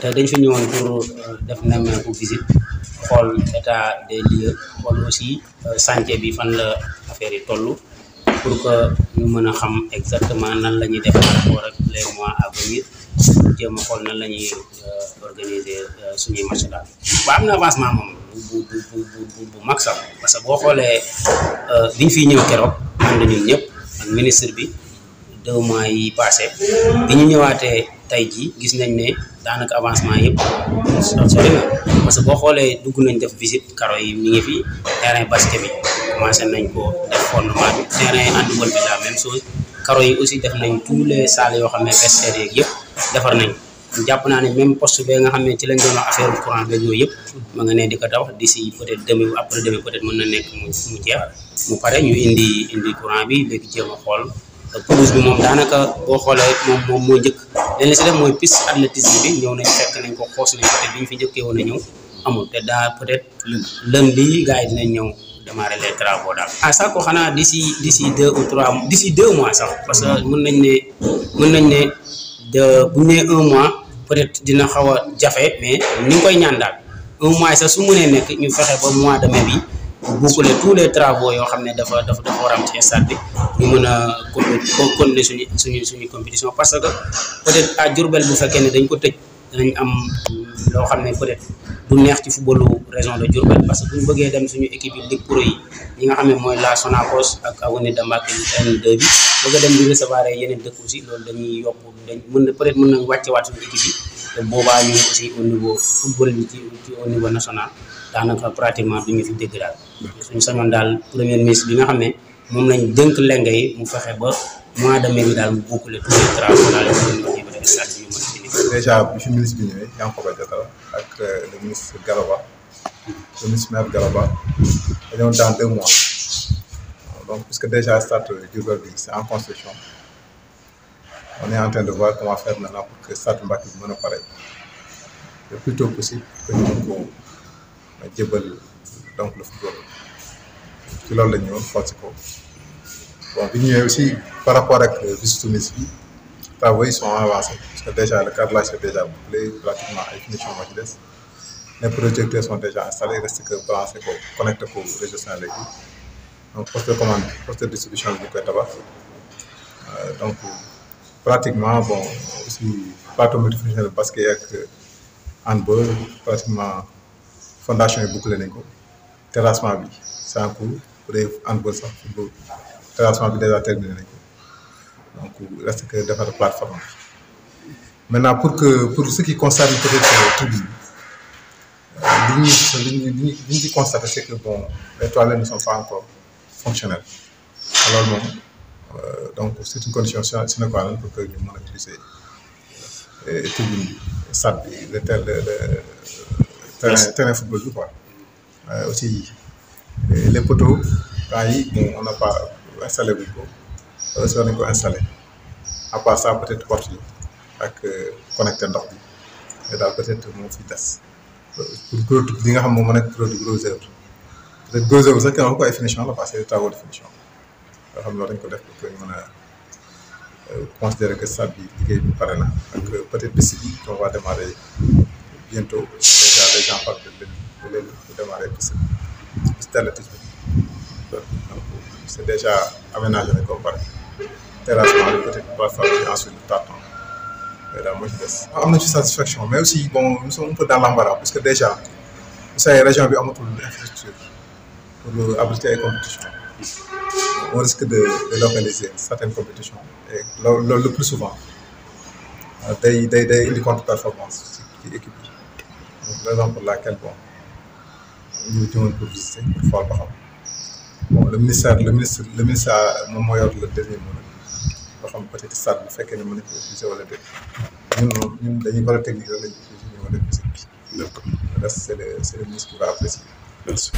te dañ fi ñëwoon pour euh, def na u visite xool état des lieux xool aussi euh, chantier bi fan la affaire yi toll pour que ñu mën a xam exactement nan la ñuy def par rapport ak les mois à venir jéem a xool nan la ñuy euh, organiser suñuy match daal. ba am na avancement moom bu bu bu bu mag sax parce boo xoolee biñ fiy ñëw keroog man la ñëpp ministre bi deux yi passé bi ñëwaatee. tey jii gis nañ ne daanaka avancement yëpp sori na parce que boo xoolee dugg nañ def visite karo yi mi ngi fi terrain basket bi commencé nañ ko def fondement bi terrain yi aussi def nañ tous les yoo xam ne vestiaires yeeg yëpp defar nañ jàpp naa ne même poste be nga xam ne ci lañ doon wax affaire courant beeg yooyu yëpp ma nga ne di ko taw d'ici peut être demi après demi peut être mën na nekk mu mu jeex mu pare ñu indi indi courant bi léegi jéem a xool pelouse bi moom daanaka boo xoolee moom moom moo njëkk li si def mooy piste athlétisme bi ñëw nañ fekk nañ ko xoos nañ ko te biñ fi njëkkee woon a ñëw te daa peut-être bi gars yi dinañ ñëw démarrer les travaux daal. ah sax ko xanaa d'ici d'ici deux ou trois si deux mois sax parce que mën nañ ne mën nañ ne de bu ñu un mois peut-être dina xaw a jafe mais ni ngi koy ñaan daal un mois sax su mënee nekk ñu fexe ba mois de mai bi. boucler tous les travaux yoo xam ne dafa dafa dafa war am ci mën a suñu suñu suñu compétition parce que peut-être à Diourbel bu fekkee ne dañ ko tëj danañ am loo xam ne peut-être du neex ci footballu région de Diourbel parce que bu ñu bëggee dem suñu équipe yi Ligue Pro yi ñi nga xam ne mooy la Sonacos ak Avenir de Mbacké N2 bi bëgg dem di recevoir yeneen dëkk si loolu dañuy yokk dañ mën na peut-être mën nañ wàccewaat équipe yi te boobaa ñu aussi au niveau football bi ci ci au niveau national daanaka pratiquement du ñu fi dégg daal. suñu sañoon daal premier ministre bi nga xam ne moom lañ dënk leng mu fexe ba mois de mai bi daal mu boucler tous les travaux daal di ko bi ñu mën a fini. bi fi ministre bi ñëwee Yankhoba ak euh, le ministre Galaba le ministre maire Galaba dañoo dans deux mois parce puisque déjà stade Diourbel bi c'est en on est en train de voir comment faire maintenant pour que Sadou Mbacké bi a pare le plus possible que jëbal donc le football loolu la ñu ñëwoon xool si ko bon bi ñëwee aussi par rapport ak visite Tunis bi travaux yi sont avancés parce que déjà le carrelage est déjà bouclé pratiquement ay finition moo ci des les projecteurs sont déjà installés reste que balancé ko connecté ko réseau Senelec bi donc poste de commande poste de distribution bi ñu koy tabax euh, donc. pratiquement bon aussi plateau parce que ak handball pratiquement fondation yi bouclé nañ ko terrassement bi sans cours bu dee handball sax football terrassement bi de terminé nañ ko donc que defar plateforme bi maintenant pour que pour ce qui concerne peut-être tribune li ñuy li ñu li ñu ci constaté c'est que bon les toilettes ne sont pas encore fonctionnelles alors moom. Euh, donc c' est une condition sine qua non pour que ñu mën a utiliser euh, tribune bi stade bi le tel le terrain terrain football bi quoi euh, aussi les yi bon on n'a pas installé buñ ko aussi war nañ ko installé a part ça peut être porte yi ak connecté ndox bi mais daal peut être fi des pour produit xam moom moo nekk produit gros œuvre peut être gros œuvre sax ki ko ay la parce que travaux de finition yoo xam dañ ko def pour que a euh, considérer que stade bi liggéey pare na ak peut bi on va démarrer bientôt déjà les gens parlent de léegi pour démarrer piste bi piste d'athlétisme bi donc c'est déjà aménagé ko pare terrassement bi peut-être va falloir ensuite le mais daal moo des. am na ci satisfaction mais aussi bon nous sommes un peu dans parce que déjà vous savez région bi amatul infrastructure pour abriter ay compétitions on risque de de localiser certaines compétitions et loolu le plus souvent euh, day day day indi contre-performance ci ci équipe bi donc raison pour laquelle bon ñu ci woon pour ba xam bon le ministère le ministre le ministère moom moo yor le dernier mot ba xam peut-être bu fekkee ne mën nañu ko utiliser wala déet ñun ñun dañuy war a technique rek la ñuy utiliser ñu war a utiliser. d'accord le reste c'est le c'est le ministre qui va apprécier. happens.